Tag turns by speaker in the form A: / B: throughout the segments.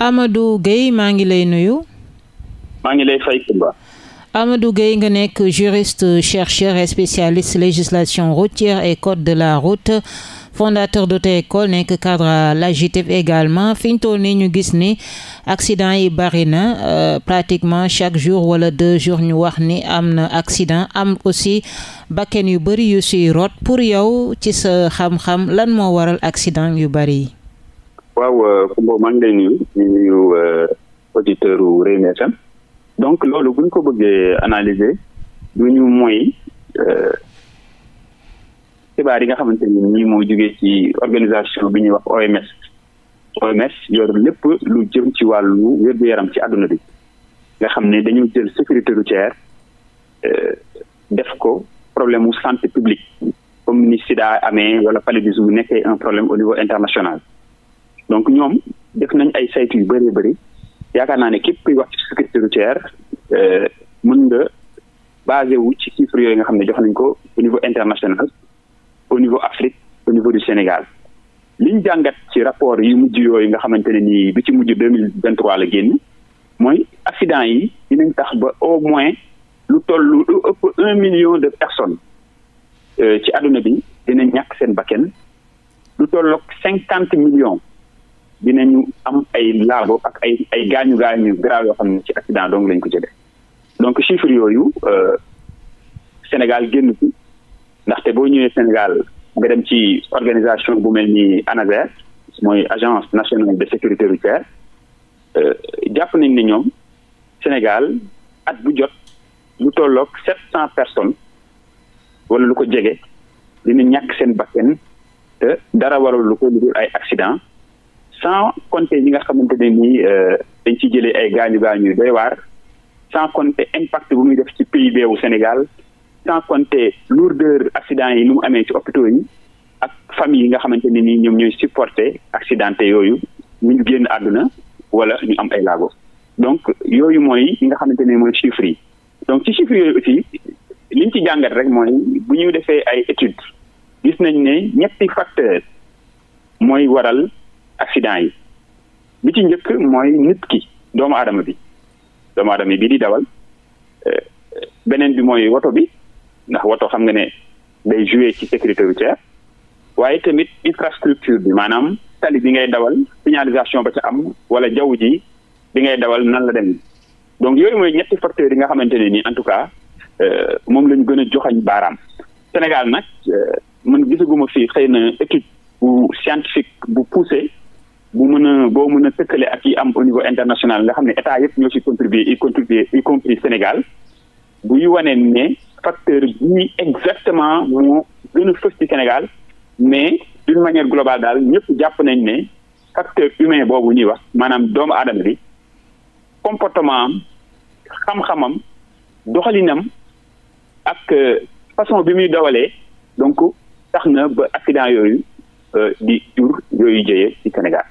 A: Amadou Gueye ngi lay nuyu. maa ngi nga nekk juriste chercheur et spécialiste législation routière et code de la route fondateur d'auto-école nekk cadre à l'AGETIP également fi ñu toll nii ñu gis ni accident yi bari na euh, pratiquement chaque jour wala deux jours ñu wax ni am na accident am aussi bakken yu bari yu siy rot pour yow ci sa xam-xam lan moo waral accident yu bari yi.
B: waaw Koumba euh, maa ngi lay nuyu ñu nuyu euh, auditeurs u Rewmi donc loolu bu ko bëggee analyser du ñu mooy euh, xibaar yi nga xamante ni ñi moo jógee ci organisation bi ñuy wax OMS OMS yor lépp lu jëm ci wàllu wér-gu-yaram ci àdduna bi nga xam ne dañoo jël sécurité routière def ko problème mu santé publique comme ni sida amee wala paludisme bu nekkee un problème au niveau international donc ñoom def nañ ay saytu yu bëree bëri yaakaar naa ne képp kuy wax ci sécurité routière euh, mën nga basé ci chiffres yooyu nga xam ne jox nañ ko au niveau international au niveau Afrique au niveau du Sénégal liñ jàngat ci rapport yi mujj yooyu nga xamante ne nii bi ci mujj deux mille vingt trois la génn mooy accident yi dinañ tax ba au moins lu toll lu ëpp un million de personnes euh, ci àdduna bi dinañ ñàkk seen bakken lu tollook cinquante millions ñu am ay laabo ak ay ay gaañu gaañu grave xam ne ci accident donc lañ ko jëlee donc chiffre yooyu euh, Sénégal génn ci ndaxte boo ñëwee Sénégal nga dem ci organisation bu mel ni ANASER mooy agence nationale de sécurité routière euh, jàpp nañ ni ñoom Sénégal at bu jot lu tolloog sept cent personnes wala lu ko jege dina ñàkk seen bakkan te dara waral lu ko lu dul ay accident sans compter yi nga xamante ne nii euh, dañ ci jëlee ay gaañu gaañu doy waar sans compter impact bu muy def ci PIB wu Sénégal sans compter lourdeur accident yi nu mu amee ci hôpitaux yi ak famille yi nga xamante ne nii ñoom ñooy supporter accidenté yooyu ñu génn àdduna wala ñu am ay laago donc yooyu mooy yi nga xamante ne mooy chiffres yi donc ci chiffres yooyu aussi liñ ci jàngat rek mooy bu ñu defee ay études gis nañ ne ñetti facteurs mooy waral accident yi bi ci njëkk mooy nit ki doomu aadama bi doomu aadama bi di dawal eh, beneen bi mooy woto bi ndax woto xam nga ne day jouer ci sécurité routière waaye tamit infrastructure bi maanaam tali bi ngay dawal signalisation ba ca am wala jaww ji bi ngay dawal nan la dem donc yooyu mooy ñetti facteurs yi nga xamante ne nii en tout cas eh, moom lañu gën a joxañ baaraam Sénégal nag eh, man gisaguma fii xëy na étude bu scientifique bu poussé bu mën a boo mën a tëkkale ak yi am au niveau international nga xam ne état yëpp ñoo ci contribuer y contribuer y compris Sénégal buy wanee ne facteur bii exactement moo gën a fës ci Sénégal mais d'une manière global daal ñëpp jàpp nañ ne facteur humain boobu ñuy wax maanaam doomu aadama bi comportement am xam-xamam doxalinam ak euh, façon bi muy dawalee donc tax na ba accident yooyu euh, di jur yooyu jëyee ci Sénégal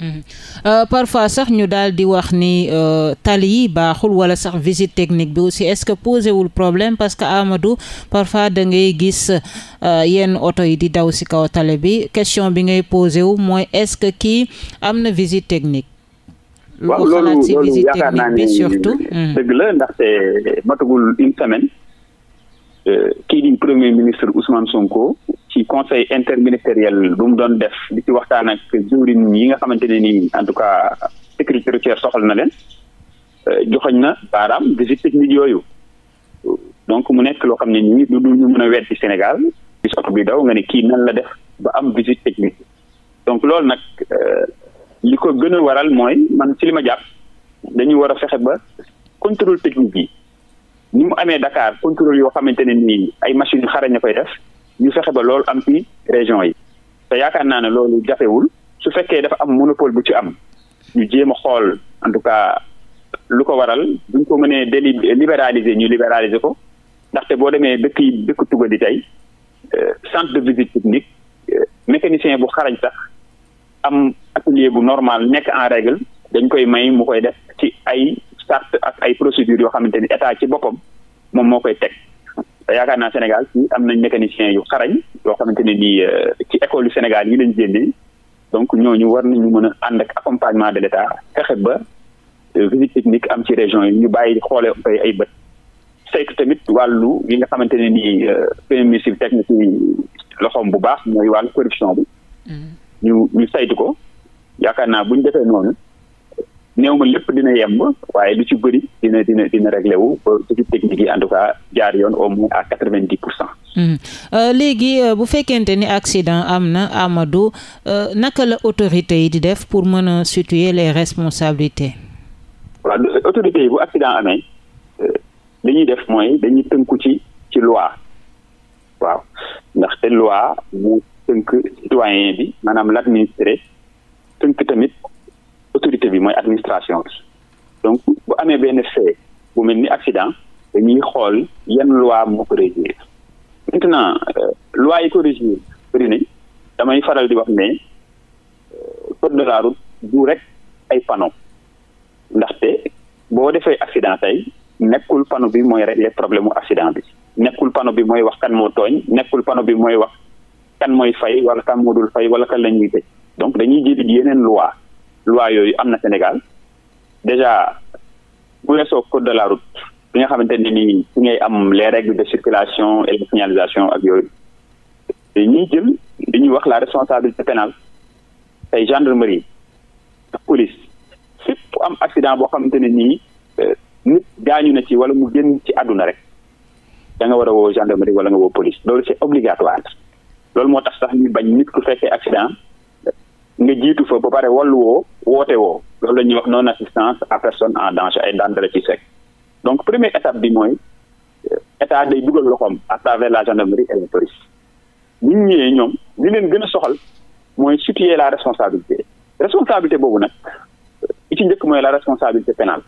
A: Euh, parfois sax ñu daal di wax ni euh, tali yi baaxul wala sax visit technique bi aussi est-ce que posé wul problème parce que Amadou parfois da ngay gis euh, yenn oto yi di daw si kaw tali bi question bi ngay posé wu mooy est-ce que kii am na visite technique.
B: lu ko xalaat ci visite technique bi surtout. Hmm. dëgg la ndaxte matagul une semaine. kii di premier ministre Ousmane Sonko ci conseil interministériel bu mu doon def di ci waxtaan ak jëwriñ yi nga xamante ne nii en tout cas sécurité routière soxal na leen euh, joxoñ na baaraam visite technique yooyu donc mu nekk loo xam ne nii du du ñu mën a wet ci Sénégal ci soto bi daw nga ne kii nan la def ba am visite technique donc loolu nag euh, li ko gën a waral mooy man ci li ma jàpp dañu war a fexe ba contrôle technique yi ni mu amee Dakar contrôle yoo xamante ne nii ay machines yu xarañ na koy def ñu fexe ba loolu am ci région yi te yaakaar naa ne loolu jafewul su fekkee dafa am monopole bu ci am ñu jéem a xool en tout cas lu ko waral duñ ko mënee déli libéraliser ñu libéraliser ko ndaxte boo demee dëkk yi dëkk tugal di tey euh, centre de visite publique euh, mécanicien bu xarañ sax am atelier bu normal nekk en règle dañ koy may mu koy def ci ay charte ak ay procédures yoo xamante ni état ci boppam moom moo koy teg yaakaar naa Sénégal ci am nañ mécaniciens yu xarañ yoo xamante ne nii euh, ci école yu Sénégal yi lañ génnee donc ñooñu war nañu mën a ànd ak accompagnement de l'État fexe ba euh, visite technique am ci région yi ñu bàyyi xoole koy ay bët saytu tamit wàllu yi nga xamante ne nii euh, premier ministre bi teg loxoom bu baax mooy wàll corruption bi mm-hmm. ñu ñu saytu ko yaakaar naa bu ñu defee noonu néew ma lépp dina yemb waaye lu ci bëri dina dina dina réglé wu ba ci technique yi en tout cas jaar yoon au moins à quatre vingt dix pour cent.
A: Hmm. Euh, léegi euh, bu fekkente ni accident am na Amadou euh, naka la autorité yi di def pour mën a situer les responsabilités.
B: waaw autorité yi bu accident amee li ñu def mooy dañuy tënku ci ci loi waaw ndaxte loi mu tënk citoyen bi maanaam l'administré tënk tamit. autorité bi mooy administration bi donc bu amee benn fait bu mel ni accident dañuy xool yan loi moo ko régir maintenant euh, loi yi ko régir bëri nañ damay faral di wax ne euh, code de du rek ay panneau ndaxte boo defee accident tey nekkul panneau bi mooy régler problème mu accident bi nekkul panneau bi mooy wax kan moo tooñ nekkul panneau bi mooy wax kan mooy fay wala kan moo dul fay wala kan la ñuy tëj donc dañuy jëli yeneen loi loi yooyu am na Sénégal déjà bu weesoo code de la route bi nga xamante ne nii fi ngay am le règles de circulation et de ak yooyu ñuy jël li ñuy wax la responsabilité pénale tey gendarmerie ak police fépp am accident boo xamante ne nii euh, nit gaañu na ci wala mu génn ci àdduna rek da nga war a woo gendarmerie wala nga woo police loolu c'est obligatoire loolu moo tax sax ñu bañ nit ku fekkee accident nga jiitu fa ba pare wallu woo woote woo loolu la ñuy wax non assistance à personne en danger ay la ci sec donc première étape bi mooy euh, état day dugal loxoom à travers la gendarmerie et la police ñu ñëwee ñoom li leen gën a soxal mooy situer la responsabilité responsabilité boobu nag i euh, ci njëkk mooy la responsabilité pénale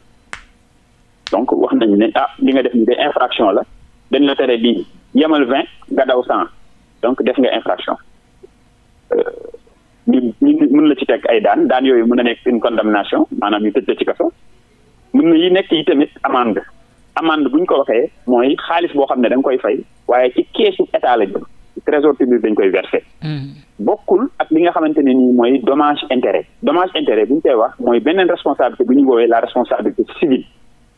B: donc wax nañu ne ah li nga def ni de infraction la dañ la tere lii yemal vingt nga daw cent donc def nga infraction ñu mën la ci teg ay daan daan yooyu mën na nekk une condamnation maanaam ñu tëj la ci kaso mën yi nekk yi tamit amende amende bu ñu ko waxee mooy xaalis boo xam ne da koy fay waaye ci keesu état la jëm trésor public dañ koy versé hmm. bokkul ak li nga xamante ne nii mooy dommage intérêt dommage intérêt bu ñu koy wax mooy beneen responsabilité bu ñu woowee la responsabilité civile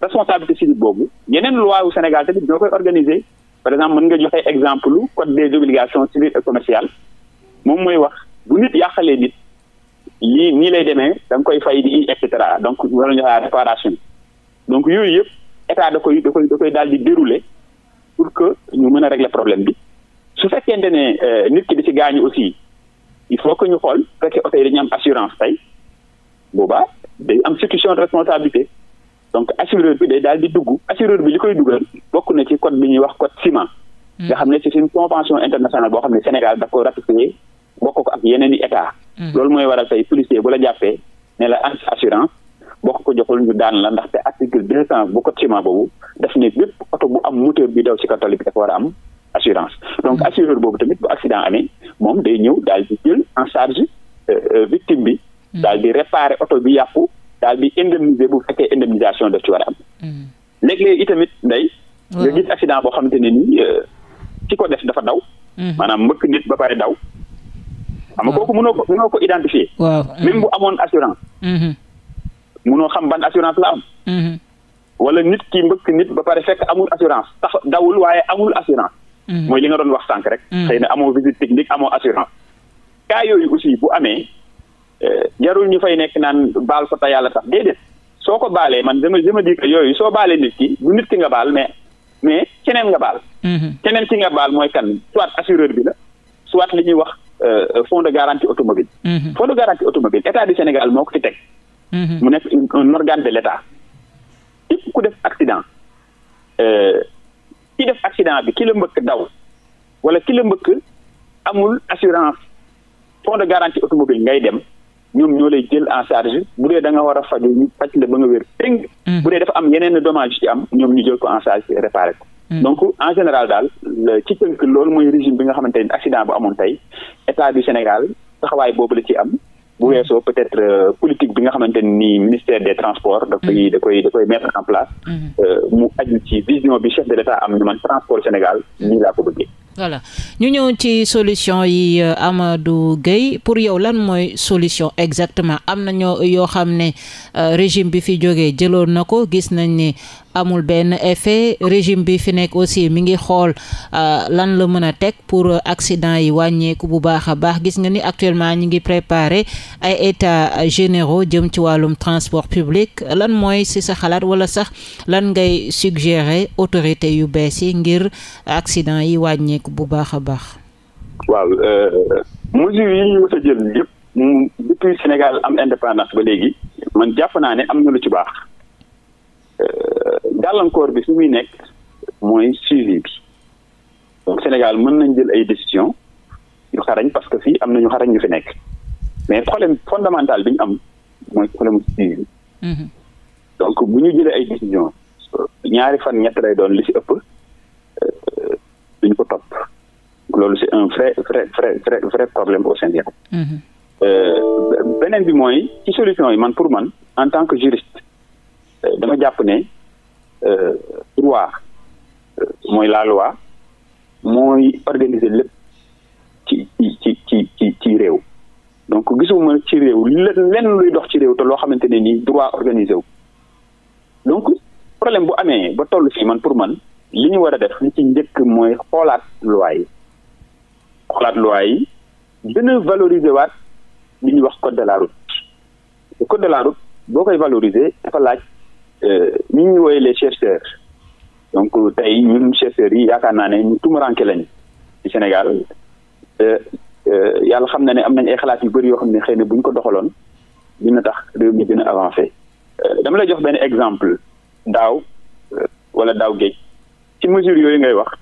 B: responsabilité civile boobu yeneen loi wu Sénégal tamit ñoo koy organiser par exemple mën nga joxe exemple code des obligations civiles et commerciales moom mooy wax bu nit lii nii lay demee da koy fay di et cetera donc wala ñu wax réparation donc yooyu yëpp état da koy da koy da koy daal di dérouler pour que ñu mën a régler problème bi su fekkente ne euh, nit ki di ci gaañu aussi il faut que ñu xool fekkee oto dañu am assurance tay boobaa day am situation de responsabilité donc assureur bi de daal di dugg assureur bi li koy dugal bokk na ci code bi ñuy wax code ciment hmm. nga xam ne c'est une convention internationale boo xam ne Sénégal daf ko ratifié bokk ko ak yeneen i état Mm. loolu mooy waral tey policier bu la jàppee ne la am assurance boo ko joxul ñu daan la ndaxte article deux cent bu code ciment boobu daf ne bépp oto bu am moteur bi daw ci kaw tali bi dafa war a am assurance donc mm. assureur boobu tamit bu accident amee moom day ñëw daal di jël en charge euh, euh, victime bi mm. daal di réparer oto bi yàqu daal di indemniser bu fekkee indemnisation daf ci war a am léeg-léeg itamit nday nga gis accident boo xamante ne nii euh, ki ko def dafa daw maanaam mbëkk nit ba pare daw xam nga kooku mënoo ko mënoo ko identifier. waaw même bu amoon assurance. Mm-hmm. mënoo xam ban assurance la am. Mm-hmm. wala nit ki mbëkk nit ba pare fekk amul assurance tax dawul waaye amul assurance. Mm-hmm. mooy li nga doon wax sànq rek. xëy na amoo visite technique amoo assurance. cas yooyu aussi bu amee eh, jarul ñu fay nekk naan baal ko te yàlla tax déedéet soo ko baalee man dama dama di que yooyu soo baalee nit ki du nit ki nga baal mais mais keneen nga baal. keneen ki nga baal mooy kan soit assureur bi la soit li ñuy wax. Euh, euh, fonds de garanti automobile mhm. fonds de garantie automobile état du Sénégal moo ko fi teg mhm. mu nekk un organe de l'état képp ku def accident euh, ki def accident bi ki la mbëkk daw wala ki la mbëkk amul assurance fonds de garantie automobile ngay dem ñoom ñoo lay jël en charge bu dee da nga war a faju ñu faj la ba nga wér péng mhm. bu dee dafa am yeneen dommage ci am ñoom ñu jël ko en charge réparé ko Mm. donc en général daal ci tënk loolu mooy régime bi nga xamante ni accident bu amoon tey état du Sénégal taxawaay boobu la ci am. bu mm. weesoo peut-être euh, politique bi nga xamante ni ministère des transports. Mm. da koy da koy da en place. Euh, mu aju ci vision bi chef de l'État am ñu man transport Sénégal nii laa ko bëggee.
A: voilà ñu ñëw ci solution yi euh, Amadou Gueye pour yow lan mooy solution exactement am na ñoo yoo xam ne régime bi fi jógee jëloon na ko gis nañ ni amul benn effet régime bi fi nekk aussi mi ngi xool euh, lan la mën a teg pour accident yi wàññeeku bu baax a baax gis nga ni actuellement ñi ngi préparer ay états généraux jëm ci wàllum transport public lan mooy si sa xalaat wala sax lan ngay suggérer autorité yu bees yi ngir accident yi wàññeeku bu baax a baax
B: waaw euh, mesures yi ñu mës a jël depuis Sénégal am indépendance ba léegi man jàpp naa ne am na lu ci baax euh, gàllankoor bi fi muy nekk mooy suivi bi donc Sénégal mën nañ jël ay décision yu xarañ parce que fii am na ñu xarañ ñu fi nekk mais problème fondamental bi ñu am mooy mhm. donc bu ñu jëlee ay ñaari fan ñett lay doon li ci ëpp euh, ko topp loolu un vrai vrai vrai vrai mhm. euh, bi mooy yi man pour man en tant que juriste euh, dama jàpp ne droit euh, euh, mooy la loi mooy organiser lépp ci ci ci ci ci réew donc gisuma ci réew lenn luy dox ci réew te loo xamante ne nii droit organisé wu donc problème bu amee ba toll fii man pour man li ñu war a def li ci njëkk mooy xoolaat loi yi xoolaat loi yi gën a valoriser waat li ñuy wax code de la route code de la route boo koy valoriser dafa laaj ñu euh, ñuy woowee les chercheurs donc euh, tey ñun chercheurs yi yaakaar naa ne ñu tumuranke lañ ci Sénégal euh, yàlla xam na ne am nañ ay xalaat yu bari yoo xam ne xëy na bu ñu ko doxaloon dina tax réew mi gën a avancé dama lay jox benn exemple daaw wala daaw géej ci mesures yooyu ngay wax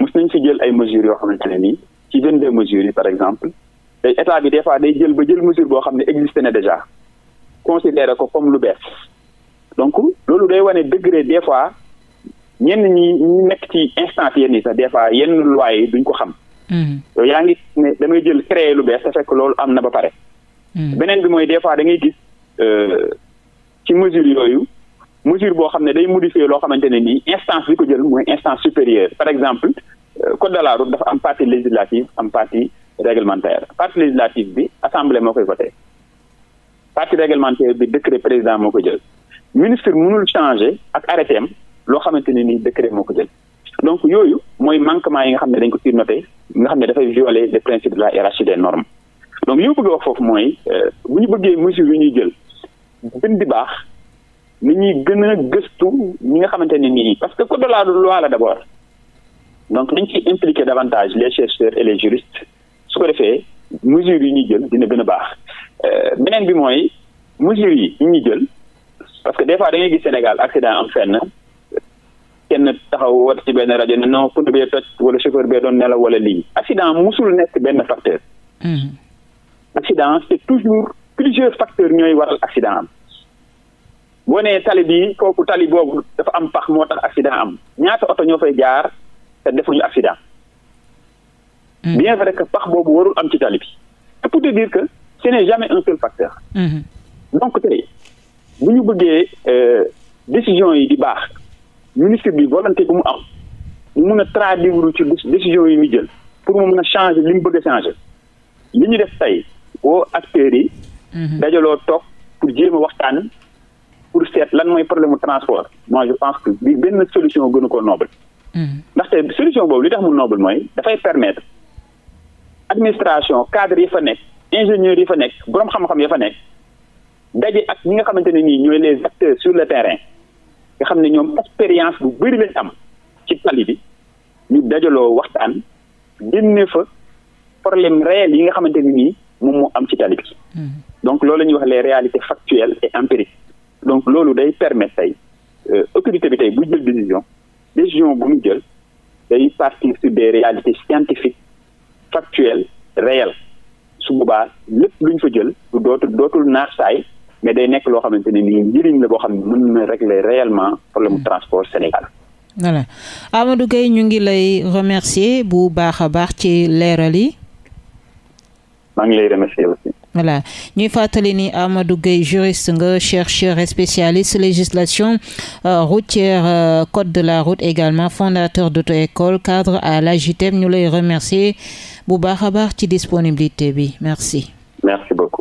B: mos nañ fi jël ay mesures yoo xamante ne nii ci vingt de mesures yi par exemple tey état bi des fois day jël ba jël mesure boo xam ne existé na déjà considéré ko comme lu bees donc loolu day wane degré des fois ñenn ñi ñu nekk ci instance yenn yi sax des fois yenn loi yi duñ ko xam. Mm-hmm. yaa ngi ne damay jël créer lu bees te fekk loolu am na ba pare. Mm-hmm. beneen bi mooy des fois da ngay gis euh, ci mesure yooyu mesure boo xam ne day modifier loo xamante ne nii instance bi ko jël mooy instance supérieure par exemple euh, code de la route dafa am partie législative am partie réglementaire partie législative bi assemblée moo koy voté partie réglementaire bi décret président moo koy jël. ministre mënul changer ak arrêté loo xamante ne ni décret moo ko jël donc yooyu mooy manquement yi nga xam ne dañ ko surnoté nga xam ne dafay violer les principes de la hiérarchie des normes donc li ma bëgg wax foofu mooy euh, bu ñu bëggee mesures yi ñuy jël gën di baax ni ñuy gën a gëstu ñi nga xamante ne nii parce que code de la loi la d'abord donc dañ ciy impliquer davantage les chercheurs et les juristes su ko defee mesures yi ñuy jël dina gën a baax euh, beneen bi mooy mesures yi ñuy jël. parce que des fois da gis Sénégal accident am fenn kenn taxaw wat ci benn rajo ne non pneu bi toj wala chauffeur bi doon nelaw wala lii accident musul nekk benn facteur. Hmm. accident c'est toujours plusieurs facteurs ñooy waral accident am. boo nee tali bi kooku tali boobu dafa am pax moo tax accident am ñaata oto ñoo fay jaar te defuñu accident. Hmm. bien vrai que pax boobu warul am ci tali bi. c'est pour te dire que ce n'est jamais un seul facteur. Hmm. donc tey bu ñu bëggee euh, décision yi di baax ministre bi volonté bu mu am mu mun a traduire ci décision yi mu jël pour mu mun a changer li mu bëgg a changer li ñu def tey woo acteurs yi. Mhm. dajaloo toog pour jéem a waxtaan pour seet lan mooy problème mu transport. moi je pense que benn solution gënu ko noble. Mhm. ndaxte solution boobu li tax mu noble mooy dafay permettre administration cadre yi fa nekk ingénieur yi fa nekk borom xam-xam yi fa nekk. daje ak ñi nga xamante ne nii ñooy les acteurs sur le terrain nga xam ne ñoom expérience bu bëri lañ am ci pali bi ñu dajaloo waxtaan génne fa problème réel yi nga xamante ne nii moom moo am ci tali bi mm-hmm. donc loolu la ñuy wax les réalité factuelles et empiriques donc loolu day permettre tey euh, autorité bi tey bu jël décision décision bu mu jël day partir sur des réalités scientifiques factuelles réelles su boobaa lépp lu ñu fa jël du dootul dootul naax saay mais day nekk loo xamante ne nii njëriñ la boo xam ne mën régler réellement problème transport Sénégal.
A: voilà Amadou ñu ngi lay remercier bu baax a baax ci leeral yi.
B: maa ngi lay remercier aussi.
A: voilà ñuy fàttali ni Amadou Gueye juriste nga chercheur et spécialiste législation euh, routière euh, code de la route également fondateur d'auto-école cadre à l'AGITEM ñu lay remercier bu baax a baax ci disponibilité bi merci.